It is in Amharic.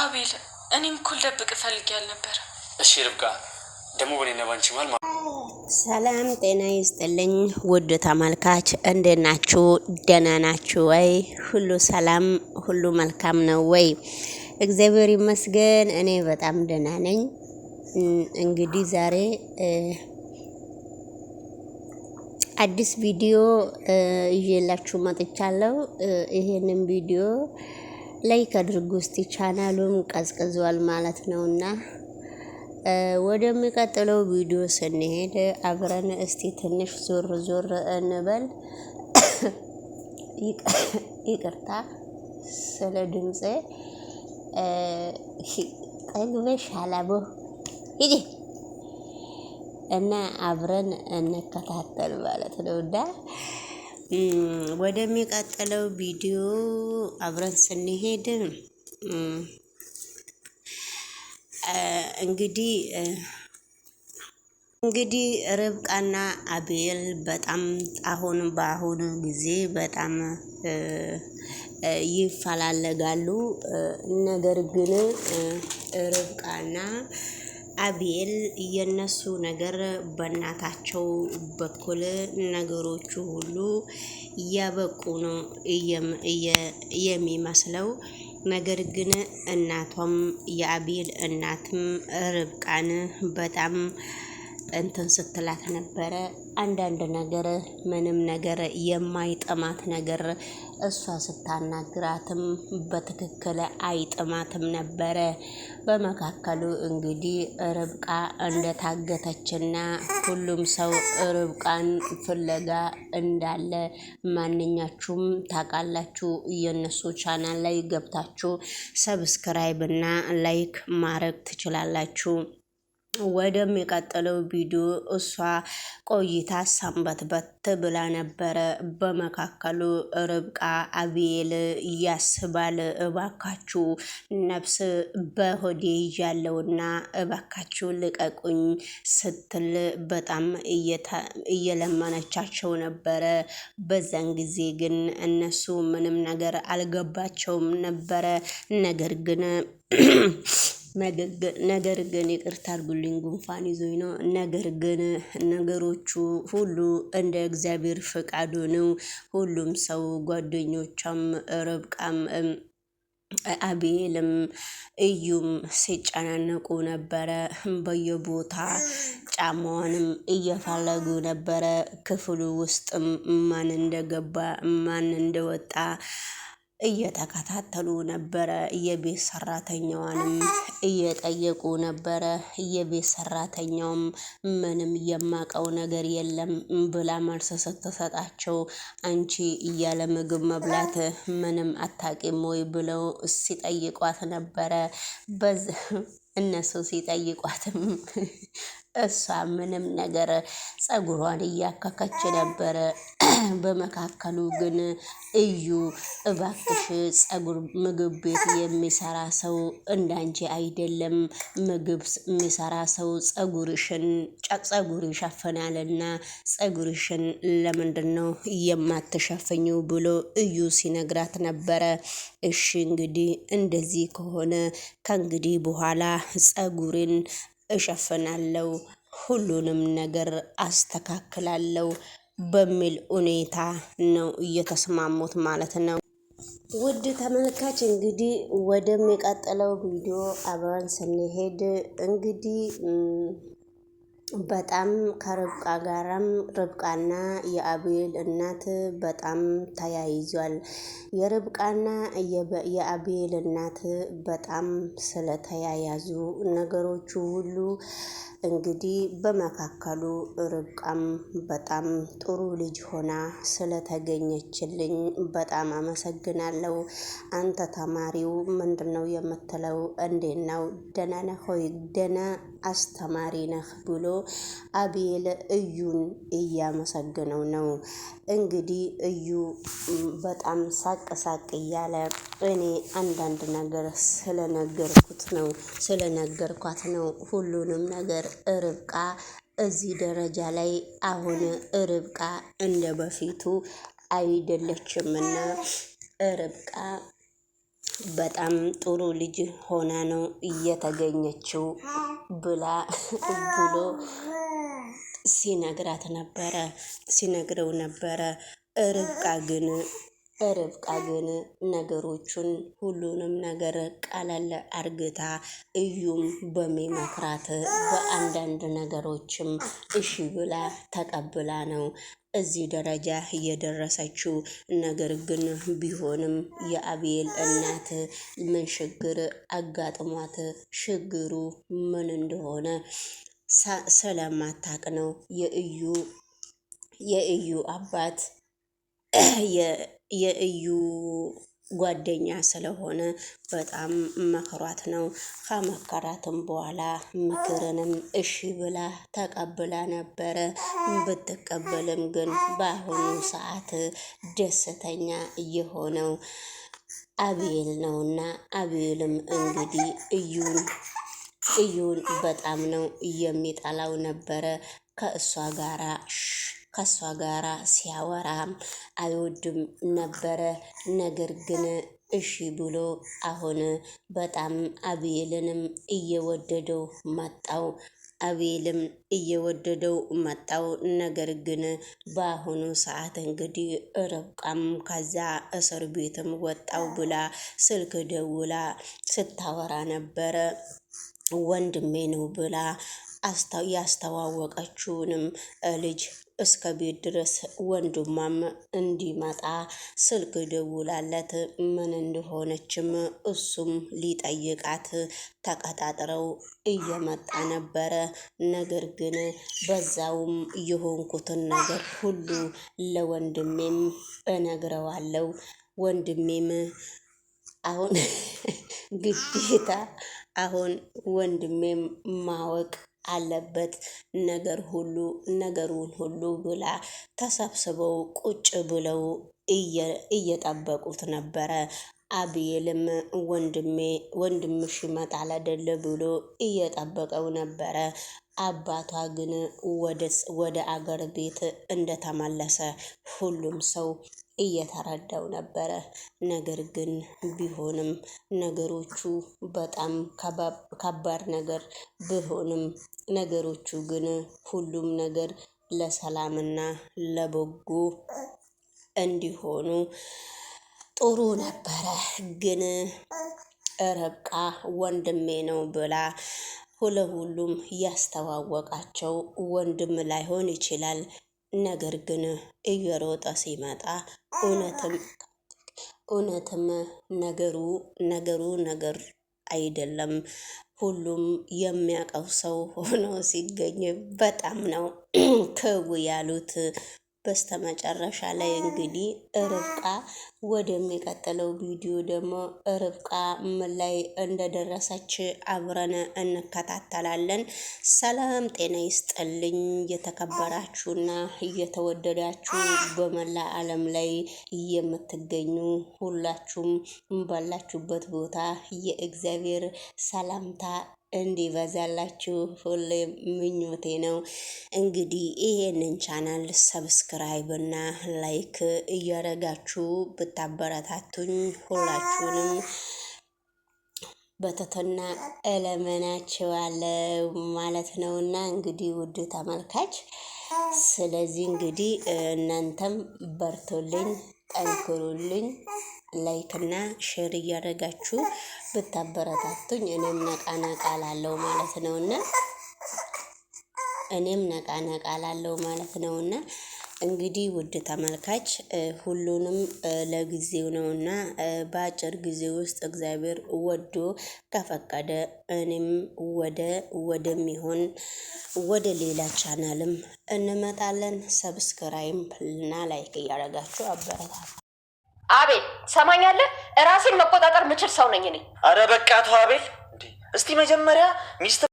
አቤል። እኔም እኮ ደብቅ ፈልጌ ነበር። እሺ ርብቃ ደግሞ በኔ ባንቺ ማል ሰላም ጤና ይስጥልኝ ውድ ተመልካች፣ እንዴ ናችሁ? ደህና ናችሁ ወይ? ሁሉ ሰላም፣ ሁሉ መልካም ነው ወይ? እግዚአብሔር ይመስገን እኔ በጣም ደህና ነኝ። እንግዲህ ዛሬ አዲስ ቪዲዮ ይዤላችሁ መጥቻለሁ። ይሄንን ቪዲዮ ላይክ አድርጉ እስቲ። ቻናሉም ቀዝቅዟል ማለት ነውና እና ወደሚቀጥለው ቪዲዮ ስንሄድ አብረን እስቲ ትንሽ ዞር ዞር እንበል። ይቅርታ ስለ ድምፄ። ጠግበሻል አቦ ሂጂ እና አብረን እንከታተል ማለት ነው እና ወደሚቀጥለው ቪዲዮ አብረን ስንሄድ እንግዲህ እንግዲህ ርብቃና አቤል በጣም አሁን በአሁኑ ጊዜ በጣም ይፈላለጋሉ። ነገር ግን ርብቃና አቤል የነሱ ነገር በእናታቸው በኩል ነገሮቹ ሁሉ እያበቁ ነው የሚመስለው። ነገር ግን እናቷም የአቤል እናትም ርብቃን በጣም እንትን ስትላት ነበረ። አንዳንድ ነገር ምንም ነገር የማይጠማት ነገር እሷ ስታናግራትም በትክክል አይጥማትም ነበረ። በመካከሉ እንግዲህ ርብቃ እንደታገተችና ሁሉም ሰው ርብቃን ፍለጋ እንዳለ ማንኛችሁም ታውቃላችሁ። የእነሱ ቻናል ላይ ገብታችሁ ሰብስክራይብ እና ላይክ ማድረግ ትችላላችሁ። ወደሚቀጥለው ቪዲዮ እሷ ቆይታ ሰንበትበት ብላ ነበረ። በመካከሉ ርብቃ አቤል እያስባል እባካችሁ ነፍስ በሆዴ እያለውና እባካችሁ ልቀቁኝ ስትል በጣም እየለመነቻቸው ነበረ። በዛን ጊዜ ግን እነሱ ምንም ነገር አልገባቸውም ነበረ ነገር ግን ነገር ግን ይቅርታ አድርጉልኝ ጉንፋን ይዞኝ ነው። ነገር ግን ነገሮቹ ሁሉ እንደ እግዚአብሔር ፈቃዱ ነው። ሁሉም ሰው ጓደኞቿም ርብቃም አቤልም እዩም ሲጨናነቁ ነበረ። በየቦታ ጫማዋንም እየፈለጉ ነበረ። ክፍሉ ውስጥም ማን እንደገባ ማን እንደወጣ እየተከታተሉ ነበረ። የቤት ሰራተኛዋንም እየጠየቁ ነበረ። የቤት ሰራተኛውም ምንም የማቀው ነገር የለም ብላ መልስ ስትሰጣቸው አንቺ እያለ ምግብ መብላት ምንም አታቂም ወይ ብለው ሲጠይቋት ነበረ በዚህ እነሱ ሲጠይቋትም እሷ ምንም ነገር ጸጉሯን እያከከች ነበረ። በመካከሉ ግን እዩ እባክሽ ጸጉር ምግብ ቤት የሚሰራ ሰው እንዳንቺ አይደለም። ምግብ የሚሰራ ሰው ጸጉርሽን ጸጉር ይሸፍናልና ጸጉርሽን ለምንድን ነው የማትሸፍኙ ብሎ እዩ ሲነግራት ነበረ። እሺ እንግዲህ እንደዚህ ከሆነ ከእንግዲህ በኋላ ፀጉሬን እሸፍናለሁ፣ ሁሉንም ነገር አስተካክላለሁ በሚል ሁኔታ ነው እየተስማሙት ማለት ነው። ውድ ተመልካች እንግዲህ ወደሚቀጥለው ቪዲዮ አብረን ስንሄድ እንግዲህ በጣም ከርብቃ ጋራም ርብቃና የአቤል እናት በጣም ተያይዟል። የርብቃና የአቤል እናት በጣም ስለተያያዙ ነገሮቹ ሁሉ እንግዲህ በመካከሉ ርብቃም በጣም ጥሩ ልጅ ሆና ስለተገኘችልኝ በጣም አመሰግናለሁ። አንተ ተማሪው ምንድን ነው የምትለው? እንዴት ነው ደህና ነህ ሆይ? ደህና አስተማሪ ነህ ብሎ አቤል እዩን እያመሰግነው ነው። እንግዲህ እዩ በጣም ሳቅ ሳቅ እያለ እኔ አንዳንድ ነገር ስለነገርኩት ነው ስለነገርኳት ነው ሁሉንም ነገር ርብቃ እዚህ ደረጃ ላይ አሁን ርብቃ እንደ በፊቱ አይደለችምና ርብቃ በጣም ጥሩ ልጅ ሆና ነው እየተገኘችው ብላ ብሎ ሲነግራት ነበረ ሲነግረው ነበረ። ርብቃ ግን ርብቃ ግን ነገሮቹን ሁሉንም ነገር ቀለል አርግታ እዩም በሚመክራት በአንዳንድ ነገሮችም እሺ ብላ ተቀብላ ነው እዚህ ደረጃ እየደረሰችው። ነገር ግን ቢሆንም የአቤል እናት ምን ችግር አጋጥሟት ችግሩ ምን እንደሆነ ስለማታቅ ነው የእዩ የእዩ አባት የእዩ ጓደኛ ስለሆነ በጣም መክሯት ነው። ከመከራትም በኋላ ምክርንም እሺ ብላ ተቀብላ ነበረ። ብትቀበልም ግን በአሁኑ ሰዓት ደስተኛ የሆነው ነው እና አብኤልም እንግዲህ እዩን እዩን በጣም ነው የሚጠላው ነበረ ከእሷ ጋራ ከእሷ ጋራ ሲያወራም አይወድም ነበረ። ነገር ግን እሺ ብሎ አሁን በጣም አቤልንም እየወደደው መጣው። አቤልም እየወደደው መጣው። ነገር ግን በአሁኑ ሰዓት እንግዲህ ርብቃም ከዛ እስር ቤትም ወጣው ብላ ስልክ ደውላ ስታወራ ነበረ። ወንድሜ ነው ብላ ያስተዋወቀችውንም ልጅ እስከ ቤት ድረስ ወንድሟም እንዲመጣ ስልክ ደውላለት ምን እንደሆነችም እሱም ሊጠይቃት ተቀጣጥረው እየመጣ ነበረ። ነገር ግን በዛውም የሆንኩትን ነገር ሁሉ ለወንድሜም እነግረዋለሁ። ወንድሜም አሁን ግዴታ አሁን ወንድሜም ማወቅ አለበት ነገር ሁሉ ነገሩን ሁሉ ብላ ተሰብስበው ቁጭ ብለው እየጠበቁት ነበረ። አብኤልም ወንድሜ ወንድምሽ ይመጣል አይደለ ብሎ እየጠበቀው ነበረ። አባቷ ግን ወደ አገር ቤት እንደተመለሰ ሁሉም ሰው እየተረዳው ነበረ። ነገር ግን ቢሆንም ነገሮቹ በጣም ከባድ ነገር ቢሆንም ነገሮቹ ግን ሁሉም ነገር ለሰላምና ለበጎ እንዲሆኑ ጥሩ ነበረ። ግን ርብቃ ወንድሜ ነው ብላ ሁለሁሉም ያስተዋወቃቸው ወንድም ላይሆን ይችላል ነገር ግን እየሮጠ ሲመጣ እውነትም እውነትም ነገሩ ነገሩ ነገር አይደለም። ሁሉም የሚያውቀው ሰው ሆኖ ሲገኝ በጣም ነው ክው ያሉት። በስተመጨረሻ ላይ እንግዲህ ርብቃ ወደሚቀጥለው ቪዲዮ ደግሞ ርብቃ ምን ላይ እንደደረሰች አብረን እንከታተላለን። ሰላም ጤና ይስጥልኝ። እየተከበራችሁና እየተወደዳችሁ በመላ ዓለም ላይ የምትገኙ ሁላችሁም ባላችሁበት ቦታ የእግዚአብሔር ሰላምታ እንዲበዛላችሁ ሁሌ ምኞቴ ነው። እንግዲህ ይሄንን ቻናል ሰብስክራይብ እና ላይክ እያረጋችሁ ብታበረታቱኝ ሁላችሁንም በተተና እለመናችኋለሁ ማለት ነው እና እንግዲህ ውድ ተመልካች ስለዚህ እንግዲህ እናንተም በርቶልኝ፣ ጠንክሩልኝ። ላይክ እና ሼር እያደረጋችሁ ብታበረታቱኝ እኔም ነቃ ነቃ ላለው ማለት ነውና እኔም ነቃ ነቃ ላለው ማለት ነውና እንግዲህ ውድ ተመልካች ሁሉንም ለጊዜው ነውና በአጭር ጊዜ ውስጥ እግዚአብሔር ወዶ ከፈቀደ እኔም ወደ ወደሚሆን ወደ ሌላ ቻናልም እንመጣለን። ሰብስክራይብ እና ላይክ እያደረጋችሁ አበረታቱ። አቤል ሰማኛለህ፣ ራሴን መቆጣጠር ምችል ሰው ነኝ እኔ። አረ በቃ ተው አቤል። እስቲ መጀመሪያ ሚስት